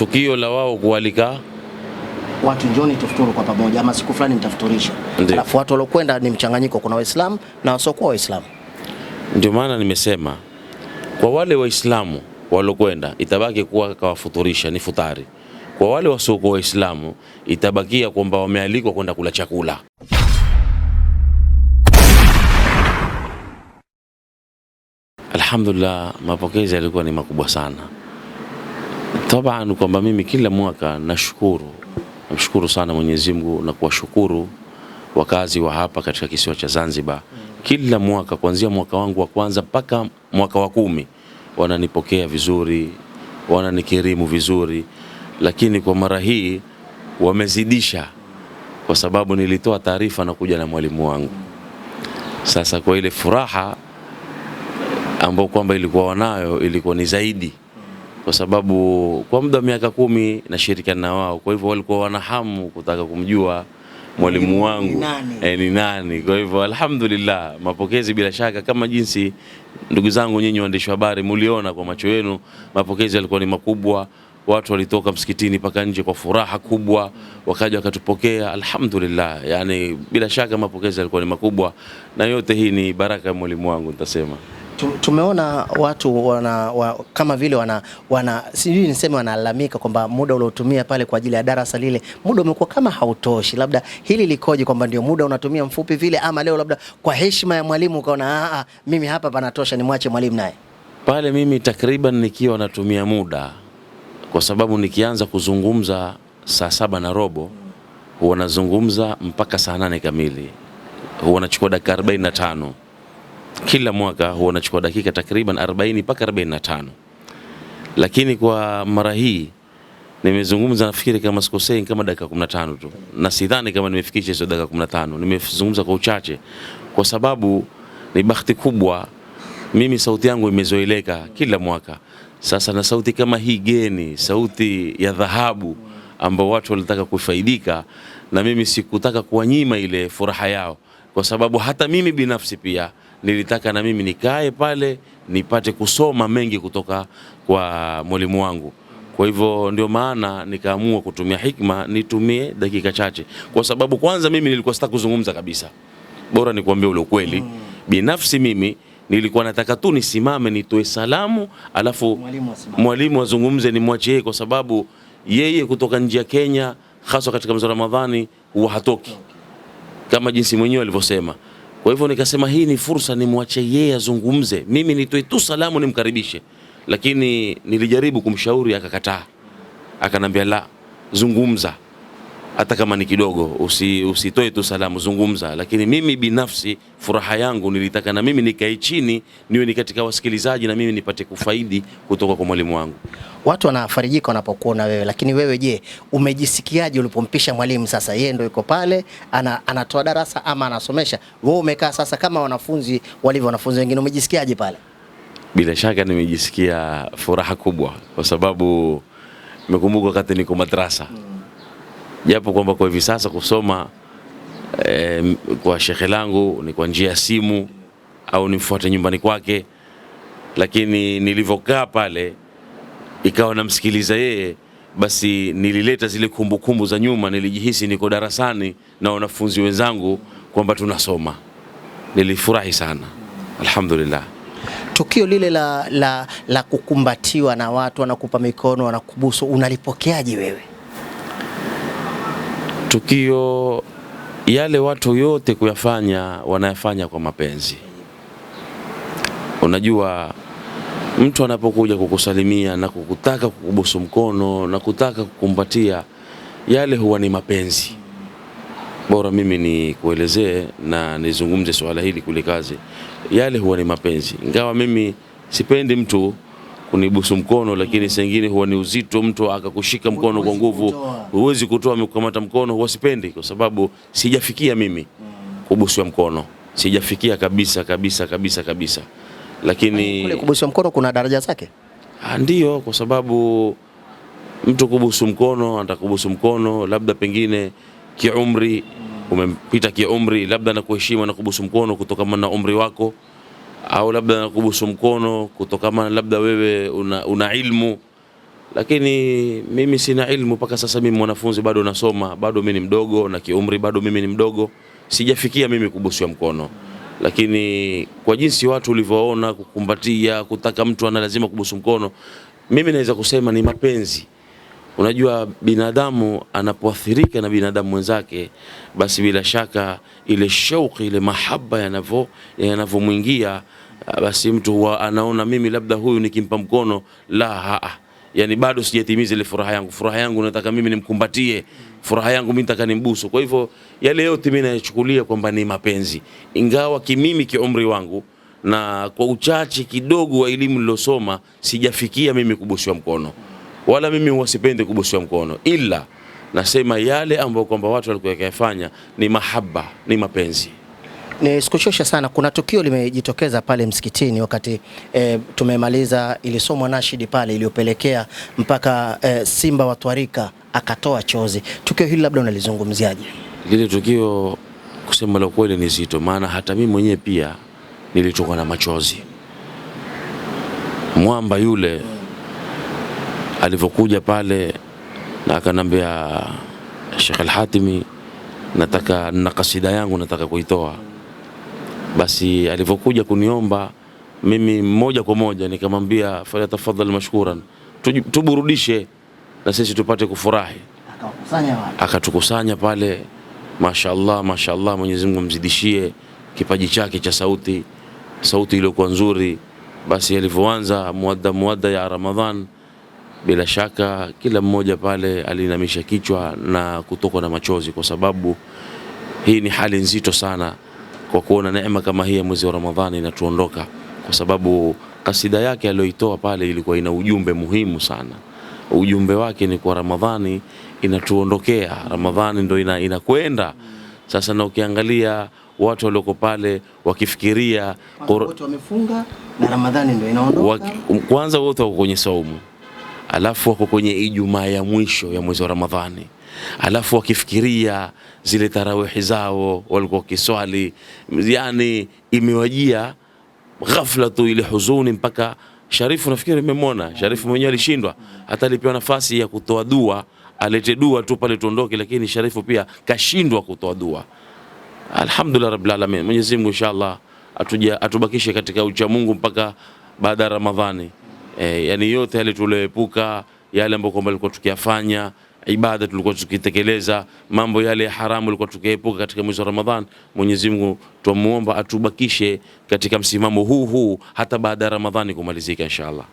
tukio la wao kualika watu njoni tufuturu kwa pamoja, ama siku fulani mtafuturisha. Alafu watu waliokwenda ni mchanganyiko, kuna Waislamu na wasiokuwa Waislamu. Ndio maana nimesema kwa wale Waislamu waliokwenda itabaki kuwa kawafuturisha, ni futari. Kwa wale wasiokuwa Waislamu itabakia kwamba wamealikwa kwenda kula chakula. Alhamdulillah, mapokezi yalikuwa ni makubwa sana. Tabaan kwamba mimi kila mwaka nashukuru, namshukuru sana Mwenyezi Mungu na kuwashukuru wakazi wa hapa katika kisiwa cha Zanzibar. Kila mwaka kuanzia mwaka wangu wa kwanza mpaka mwaka wa kumi wananipokea vizuri, wananikirimu vizuri, lakini kwa mara hii wamezidisha, kwa sababu nilitoa taarifa na kuja na mwalimu wangu. Sasa kwa ile furaha ambayo kwamba ilikuwa wanayo ilikuwa ni zaidi kwa sababu kwa muda wa miaka kumi nashirikiana na wao, kwa hivyo walikuwa wanahamu kutaka kumjua mwalimu wangu ni nani, e, ni nani. Kwa hivyo alhamdulillah, mapokezi bila shaka, kama jinsi ndugu zangu nyinyi waandishi wa habari muliona kwa macho yenu, mapokezi yalikuwa ni makubwa. Watu walitoka msikitini mpaka nje kwa furaha kubwa, wakaja wakatupokea alhamdulillah. Yani bila shaka mapokezi yalikuwa ni makubwa, na yote hii ni baraka ya mwalimu wangu nitasema. Tumeona watu wana, wa, kama vile wana, wana sijui niseme wanalalamika kwamba muda uliotumia pale kwa ajili ya darasa lile muda umekuwa kama hautoshi. Labda hili likoje, kwamba ndio muda unatumia mfupi vile, ama leo labda kwa heshima ya mwalimu ukaona a, ah, ah, mimi hapa panatosha, nimwache mwalimu naye pale? Mimi takriban nikiwa natumia muda, kwa sababu nikianza kuzungumza saa saba na robo huwa nazungumza mpaka saa nane kamili, huwa nachukua dakika 45 kila mwaka huwa unachukua dakika takriban 40 mpaka 45, lakini kwa mara hii nimezungumza nafikiri kama sikosei kama dakika 15 tu, na sidhani kama nimefikisha hizo dakika 15. Nimezungumza kwa uchache kwa sababu ni bahati kubwa mimi sauti yangu imezoeleka kila mwaka sasa, na sauti kama hii geni, sauti ya dhahabu ambao watu walitaka kufaidika, na mimi sikutaka kuwanyima ile furaha yao, kwa sababu hata mimi binafsi pia nilitaka na mimi nikae pale nipate kusoma mengi kutoka kwa mwalimu wangu. Kwa hivyo ndio maana nikaamua kutumia hikma, nitumie dakika chache, kwa sababu kwanza mimi nilikuwa sitaki kuzungumza kabisa, bora nikuambie ule ukweli. Mm. Binafsi mimi nilikuwa nataka tu nisimame nitoe salamu, alafu mwalimu azungumze, ni yeye, kwa sababu yeye kutoka nje ya Kenya, haswa katika mwezi wa Ramadhani, huwa hatoki kama jinsi mwenyewe alivyosema. Kwa hivyo nikasema hii ni fursa, nimwache yeye azungumze, mimi nitoe tu salamu nimkaribishe. Lakini nilijaribu kumshauri akakataa, akanambia la, zungumza hata kama ni kidogo, usi, usitoe tu salamu, zungumza. Lakini mimi binafsi furaha yangu nilitaka na mimi nikae chini niwe ni katika wasikilizaji na mimi nipate kufaidi kutoka kwa mwalimu wangu watu wanafarijika wanapokuona wewe, lakini wewe je, umejisikiaje ulipompisha mwalimu? Sasa yeye ndio yuko pale ana, anatoa darasa ama anasomesha, wewe umekaa sasa kama wanafunzi walivyo wanafunzi wengine, umejisikiaje pale? Bila shaka nimejisikia furaha kubwa kwa sababu nimekumbuka wakati niko madrasa mm. japo kwamba kwa hivi sasa kusoma eh, kwa shekhe langu ni kwa njia ya simu au nimfuate nyumbani kwake, lakini nilivyokaa pale ikawa namsikiliza yeye, basi nilileta zile kumbukumbu kumbu za nyuma, nilijihisi niko darasani na wanafunzi wenzangu kwamba tunasoma. Nilifurahi sana, alhamdulillah. Tukio lile la, la, la kukumbatiwa na watu wanakupa mikono wanakubusu, unalipokeaje wewe? Tukio yale watu yote kuyafanya wanayafanya kwa mapenzi, unajua mtu anapokuja kukusalimia na kukutaka kukubusu mkono na kutaka kukumbatia, yale huwa ni mapenzi. Bora mimi nikuelezee na nizungumze swala hili kule kazi, yale huwa ni mapenzi, ingawa mimi sipendi mtu kunibusu mkono, lakini sengine huwa ni uzito, mtu akakushika mkono kwa nguvu, huwezi kutoa, mkukamata mkono huwa sipendi, kwa sababu sijafikia mimi kubuswa mkono, sijafikia kabisa kabisa kabisa kabisa lakini kule kubusu mkono kuna daraja zake. Ah, ndio kwa sababu mtu kubusu mkono atakubusu mkono, labda pengine kiumri umepita kiumri, labda na kuheshima na kubusu mkono kutokana na umri wako, au labda na kubusu mkono kutokana labda wewe una, una ilmu lakini mimi sina ilmu mpaka sasa. Mimi mwanafunzi bado nasoma, bado mimi ni mdogo, na kiumri bado mimi ni mdogo, sijafikia mimi kubusiwa mkono lakini kwa jinsi watu ulivyoona kukumbatia, kutaka mtu ana lazima kubusu mkono, mimi naweza kusema ni mapenzi. Unajua, binadamu anapoathirika na binadamu mwenzake, basi bila shaka ile shauki, ile mahaba yanavyo yanavyomwingia, basi mtu huwa anaona mimi labda huyu nikimpa mkono la haa, yani bado sijatimiza ile furaha yangu, furaha yangu nataka mimi nimkumbatie furaha yangu mimi nataka nimbusu. Kwa hivyo yale yote mimi nayachukulia kwamba ni mapenzi, ingawa kimimi kiumri wangu na kwa uchache kidogo wa elimu nilosoma sijafikia mimi kubusiwa mkono, wala mimi huwasipendi kubusiwa mkono, ila nasema yale ambayo kwamba watu walikuwa yakifanya ni mahaba, ni mapenzi. Ni sikuchosha sana. Kuna tukio limejitokeza pale msikitini wakati e, tumemaliza ilisomwa nashidi pale iliyopelekea mpaka e, Simba watwarika akatoa chozi. Tukio hili labda unalizungumziaje? Lile tukio kusema la kweli ni zito, maana hata mimi mwenyewe pia nilitokwa na machozi. Mwamba yule alivyokuja pale na akanambia, Sheikh Al-Hatimi, nataka na kasida yangu nataka kuitoa. Basi alivyokuja kuniomba mimi moja kwa moja nikamwambia, fala tafadhal mashkuran, tuburudishe na sisi tupate kufurahi. Akatukusanya pale, mashallah, mashallah. Mwenyezi Mungu amzidishie kipaji chake cha sauti, sauti iliyokuwa nzuri. Basi alivyoanza muadha muadha ya Ramadhan, bila shaka kila mmoja pale alinamisha kichwa na kutokwa na machozi, kwa sababu hii ni hali nzito sana, kwa kuona neema kama hii ya mwezi wa Ramadhani inatuondoka, kwa sababu kasida yake aliyoitoa pale ilikuwa ina ujumbe muhimu sana ujumbe wake ni kwa Ramadhani inatuondokea, Ramadhani ndo ina, inakwenda sasa. Na ukiangalia watu walioko pale wakifikiria kor... wamefunga na Ramadhani ndo inaondoka kwanza wote wako kwenye saumu, alafu wako kwenye Ijumaa ya mwisho ya mwezi wa Ramadhani alafu wakifikiria zile tarawihi zao walikuwa wakiswali, yani imewajia ghafla tu ile huzuni mpaka Sharifu nafikiri mmemwona Sharifu mwenyewe alishindwa, hata alipewa nafasi ya kutoa dua, alete dua tu pale tuondoke, lakini Sharifu pia kashindwa kutoa dua. Alhamdulillah rabbil alamin, Mwenyezi Mungu inshallah atuja atubakishe katika ucha Mungu mpaka baada ya Ramadhani. E, yani yote yale tulioepuka, yale ambayo kwamba alikuwa tukiyafanya ibada tulikuwa tukitekeleza, mambo yale ya haramu tulikuwa tukiepuka katika mwezi wa Ramadhan. Mwenyezi Mungu twamuomba atubakishe katika msimamo huu huu hata baada ya Ramadhani kumalizika inshallah.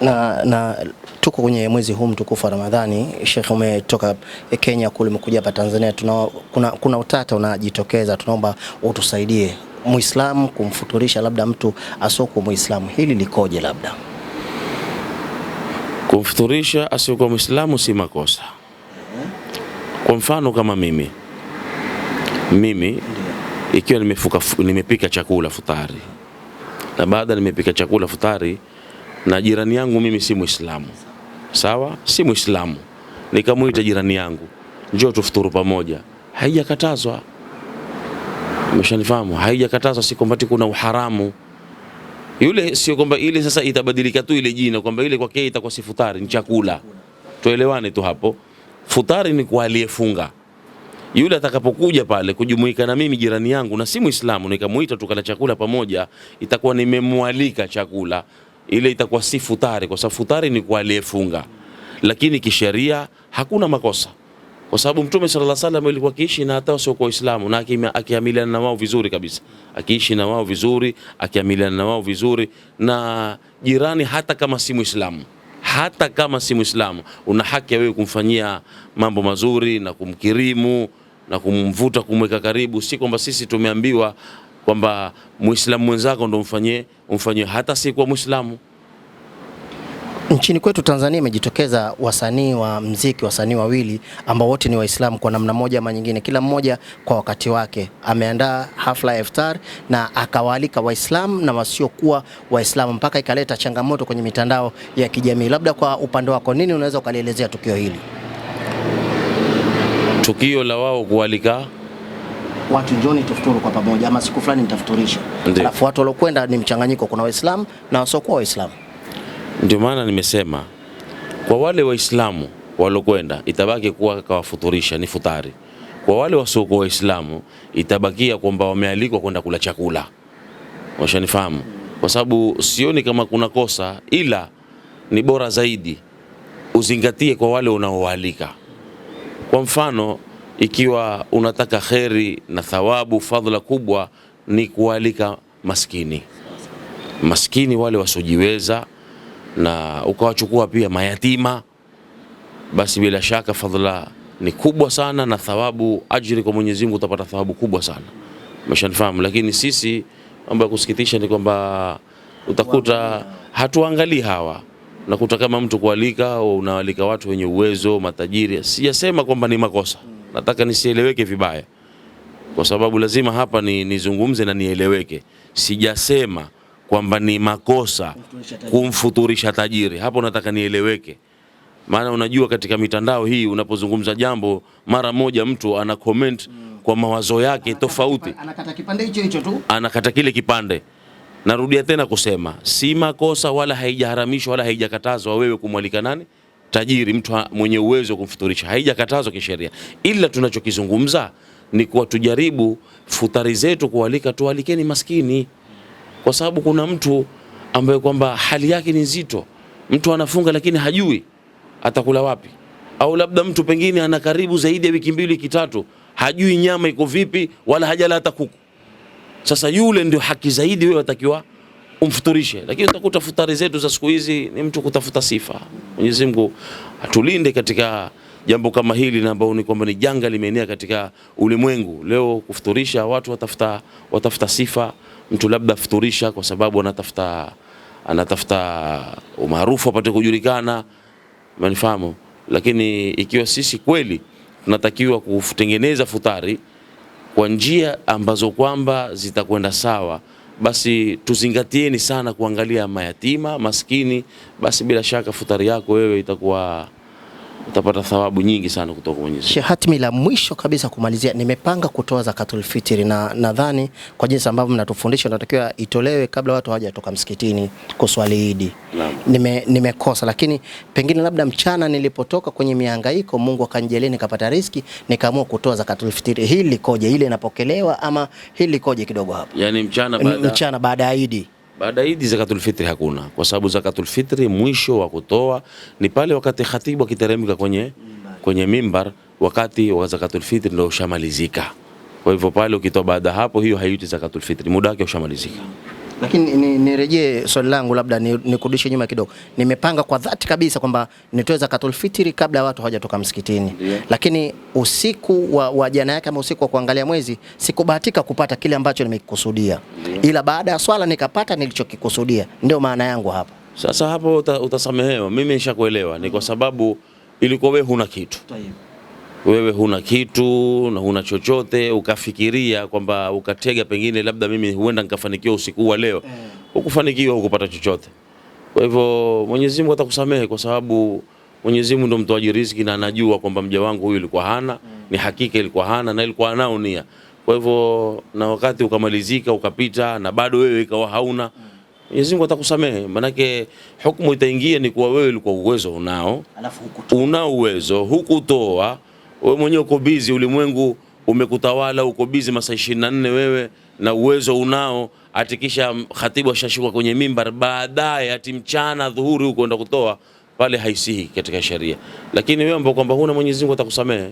Na, na tuko kwenye mwezi huu mtukufu wa Ramadhani. Sheikh, umetoka Kenya kule umekuja hapa Tanzania, tuna, kuna, kuna utata unajitokeza, tunaomba utusaidie Muislamu kumfuturisha labda mtu asoku Muislamu, hili likoje labda kumfuturisha asiyokuwa Muislamu si makosa. Kwa mfano kama mimi mimi ikiwa nimefuka, nimepika chakula futari na baada nimepika chakula futari na jirani yangu mimi si Muislamu, sawa, si Muislamu, nikamuita jirani yangu, njoo tufuturu pamoja, haijakatazwa. Umeshanifahamu? Haijakatazwa, si kwamba kuna uharamu yule sio kwamba ile sasa itabadilika tu ile jina kwamba ile kwake itakuwa si futari, ni chakula. Tuelewane tu hapo. Futari ni kwa aliyefunga. Yule atakapokuja pale kujumuika na mimi jirani yangu na si Muislamu, nikamuita tukala chakula pamoja, itakuwa nimemwalika chakula. Ile itakuwa si futari, kwa sababu futari ni kwa aliyefunga, lakini kisheria hakuna makosa kwa sababu Mtume sallallahu alaihi wasallam alikuwa akiishi na hata wasio kwa Uislamu na akiamiliana na wao vizuri kabisa, akiishi na wao vizuri, akiamiliana na wao vizuri na jirani, hata kama si Muislamu hata kama si Muislamu una haki ya wewe kumfanyia mambo mazuri na kumkirimu na kumvuta kumweka karibu. Si kwamba sisi tumeambiwa kwamba Muislamu mwenzako ndo umfanyie umfanyie, hata si kwa Muislamu. Nchini kwetu Tanzania imejitokeza wasanii wa mziki, wasanii wawili ambao wote ni Waislamu kwa namna moja ama nyingine, kila mmoja kwa wakati wake ameandaa hafla ya iftar na akawaalika Waislamu na wasiokuwa Waislamu, mpaka ikaleta changamoto kwenye mitandao ya kijamii. Labda kwa upande wako, nini unaweza ukalielezea tukio hili, tukio la wao kualika watu njoni tufuturu kwa pamoja, ama siku fulani nitafuturisha, alafu watu waliokwenda ni mchanganyiko, kuna Waislamu na wasiokuwa Waislamu. Ndio maana nimesema kwa wale Waislamu walokwenda itabaki kuwa kawafuturisha ni futari. Kwa wale wasiokuwa Waislamu itabakia kwamba wamealikwa kwenda kula chakula, washanifahamu. Kwa sababu sioni kama kuna kosa, ila ni bora zaidi uzingatie kwa wale unaowaalika. Kwa mfano, ikiwa unataka kheri na thawabu, fadhila kubwa ni kualika maskini, maskini wale wasiojiweza na ukawachukua pia mayatima, basi bila shaka fadhila ni kubwa sana na thawabu ajiri kwa Mwenyezi Mungu, utapata thawabu kubwa sana umeshanifahamu. Lakini sisi mambo ya kusikitisha ni kwamba utakuta hatuangalii hawa, nakuta kama mtu kualika unawalika watu wenye uwezo, matajiri. Sijasema kwamba ni makosa, nataka nisieleweke vibaya, kwa sababu lazima hapa nizungumze na nieleweke. Sijasema kwamba ni makosa kumfuturisha tajiri. Hapo nataka nieleweke, maana unajua katika mitandao hii unapozungumza jambo, mara moja mtu ana comment kwa mawazo yake anakata tofauti kipa, anakata kipande hicho hicho tu, anakata kile kipande. Narudia tena kusema si makosa wala haijaharamishwa wala haijakatazwa wewe kumwalika nani tajiri, mtu mwenye uwezo wa kumfuturisha, haijakatazwa kisheria, ila tunachokizungumza ni kuwa tujaribu futari zetu kualika, tualikeni maskini kwa sababu kuna mtu ambaye kwamba hali yake ni nzito, mtu anafunga lakini hajui atakula wapi, au labda mtu pengine ana karibu zaidi ya wiki mbili wiki tatu, hajui nyama iko vipi, wala hajala hata kuku. Sasa yule ndio haki zaidi, wewe watakiwa umfuturishe, lakini utakuta futari zetu za siku hizi ni mtu kutafuta sifa. Mwenyezi Mungu atulinde katika jambo kama hili na ambao ni kwamba ni janga limeenea katika ulimwengu leo, kufuturisha watu watafuta, watafuta sifa mtu labda afuturisha kwa sababu anatafuta anatafuta umaarufu apate kujulikana, manifahamu. Lakini ikiwa sisi kweli tunatakiwa kutengeneza futari kwa njia ambazo kwamba zitakwenda sawa, basi tuzingatieni sana kuangalia mayatima maskini, basi bila shaka futari yako wewe itakuwa utapata thawabu nyingi sana kutoka kwa Mwenyezi. Hatmi la mwisho kabisa kumalizia, nimepanga kutoa zakatul fitri na nadhani kwa jinsi ambavyo mnatufundisha natakiwa itolewe kabla watu hawajatoka msikitini kuswali Idi. Nime, nimekosa lakini pengine labda mchana nilipotoka kwenye mihangaiko Mungu akanijalia nikapata riski nikaamua kutoa zakatul fitri. Hili likoje? Ile inapokelewa ama hili likoje kidogo hapo? Yaani mchana baada mchana baada ya Idi. Baada ya Idi zakatul fitri hakuna, kwa sababu zakatul fitri mwisho wa kutoa ni pale wakati khatibu akiteremka kwenye, kwenye mimbar, wakati wa zakatul fitri ndio ushamalizika. Kwa hivyo pale ukitoa baada hapo, hiyo haiti zakatul fitri, muda wake ushamalizika. Lakini nirejee swali langu, labda nikurudishe nyuma kidogo. Nimepanga kwa dhati kabisa kwamba nitoe zakatul fitri kabla ya watu hawajatoka msikitini, lakini usiku wa, wa jana yake ama usiku wa kuangalia mwezi sikubahatika kupata kile ambacho nimekikusudia, ila baada ya swala nikapata nilichokikusudia. Ndio maana yangu hapa. Sasa hapo utasamehewa, mimi nishakuelewa. Ni kwa sababu ilikuwa wewe huna kitu Taibu wewe huna kitu na huna chochote, ukafikiria kwamba ukatega, pengine labda mimi huenda nikafanikiwa usiku wa leo, mm. ukufanikiwa, ukupata chochote. Kwa hivyo Mwenyezi Mungu atakusamehe kwa sababu Mwenyezi Mungu ndo mtoaji riziki na anajua kwamba mja wangu huyu ilikuwa hana mm. ni hakika, ilikuwa hana na ilikuwa anao nia. Kwa hivyo na wakati ukamalizika ukapita na bado wewe ikawa hauna, mm. Mwenyezi Mungu atakusamehe, maanake hukumu itaingia ni kuwa wewe ulikuwa uwezo unao, alafu unao uwezo hukutoa wewe mwenyewe uko busy, ulimwengu umekutawala, uko busy masaa 24 wewe na uwezo unao, atikisha khatibu ashashuka kwenye mimbar, baadaye ati mchana dhuhuri huko ndo kutoa pale, haisihi katika sheria. Lakini wewe ambao kwamba huna, Mwenyezi Mungu atakusamehe. Eh.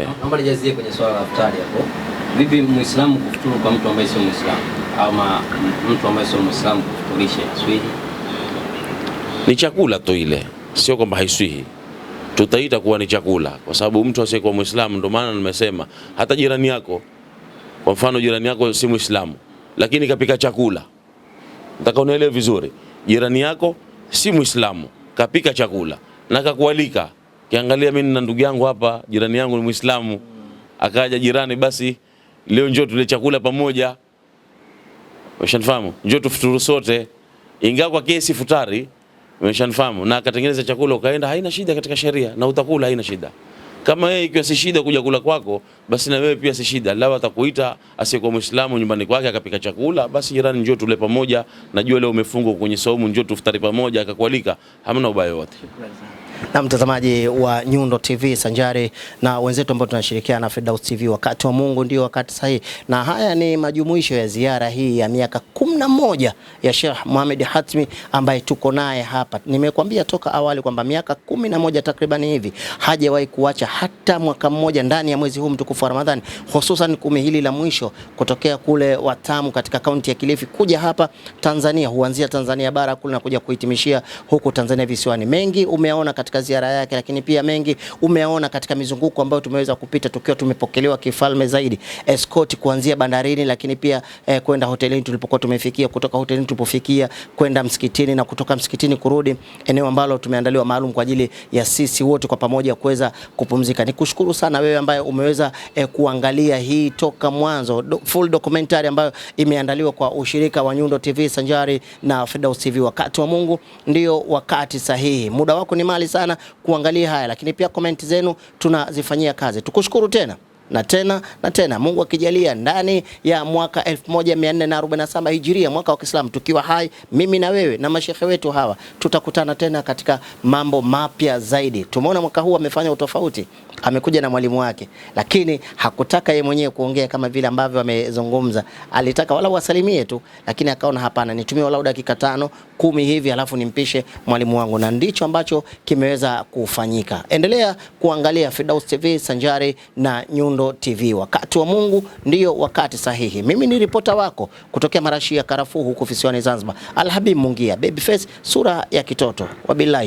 eh, naomba nijazie kwenye swala la iftari hapo. Vipi Muislamu kufuturu kwa mtu ambaye sio Muislamu ama mtu ambaye sio Muislamu kufuturishe swihi? Ni chakula tu ile, sio kwamba haiswihi tutaita kuwa ni chakula, kwa sababu mtu asiyekuwa Muislamu, ndio maana nimesema hata jirani yako, kwa mfano jirani yako si Muislamu lakini kapika chakula, nataka unielewe vizuri. Jirani yako si Muislamu kapika chakula na kakualika, kiangalia, mimi na ndugu yangu hapa, jirani yangu ni Muislamu, akaja jirani, basi leo njoo tule chakula pamoja, washanifahamu, njoo tufuturu sote, ingawa kwa kesi futari Umeshanifahamu? Na akatengeneza chakula ukaenda, haina shida katika sheria na utakula, haina shida. Kama yeye ikiwa si shida kuja kula kwako, basi na wewe pia si shida. lawa atakuita asiyekuwa Muislamu nyumbani kwake akapika chakula, basi jirani, njoo tule pamoja, najua leo umefungwa kwenye saumu, njoo tufutari pamoja, akakualika, hamna ubaya wote na mtazamaji wa Nyundo TV sanjari na wenzetu ambao tunashirikiana na Firdaus TV. Wakati wa Mungu ndio wakati sahihi, na haya ni majumuisho ya ziara hii ya miaka kumi na moja ya Sheikh Mohamed Hatmi ambaye tuko naye hapa. Nimekwambia toka awali kwamba miaka kumi na moja takriban hivi hajawahi kuacha hata mwaka mmoja ndani ya mwezi huu mtukufu wa Ramadhani, hususan kumi hili la mwisho kutokea kule Watamu katika kaunti ya Kilifi kuja hapa Tanzania, huanzia Tanzania bara kule na kuja kuhitimishia huku Tanzania visiwani. Mengi umeona katika ziara yake, lakini pia mengi umeona katika mizunguko ambayo tumeweza kupita tukiwa tumepokelewa kifalme zaidi, escort kuanzia bandarini, lakini pia eh, kwenda hotelini tulipokuwa tumefikia, kutoka hotelini tulipofikia kwenda msikitini na kutoka msikitini kurudi eneo ambalo tumeandaliwa maalum kwa ajili ya sisi wote kwa pamoja kuweza kupumzika. Nikushukuru sana wewe ambaye umeweza eh, kuangalia hii toka mwanzo do, full documentary ambayo imeandaliwa kwa ushirika wa Nyundo TV sanjari na Fidaus TV. Wakati wa Mungu ndio wakati sahihi, muda wako ni mali sana kuangalia haya, lakini pia comment zenu tunazifanyia kazi. Tukushukuru tena na tena na tena, Mungu akijalia, ndani ya mwaka 1447 Hijiria, mwaka wa Kiislamu, tukiwa hai, mimi na wewe na mashehe wetu hawa, tutakutana tena katika mambo mapya zaidi. Tumeona mwaka huu amefanya utofauti, amekuja na mwalimu wake, lakini hakutaka yeye mwenyewe kuongea kama vile ambavyo amezungumza. Alitaka wala wasalimie tu, lakini akaona hapana, nitumie walau dakika tano kumi hivi alafu nimpishe mwalimu wangu, na ndicho ambacho kimeweza kufanyika. Endelea kuangalia Fidaus TV sanjari na Nyundo TV. Wakati wa Mungu ndio wakati sahihi. Mimi ni ripota wako kutokea marashi ya karafuu huku visiwani Zanzibar, Alhabib Mungia, babyface sura ya kitoto wabilahi.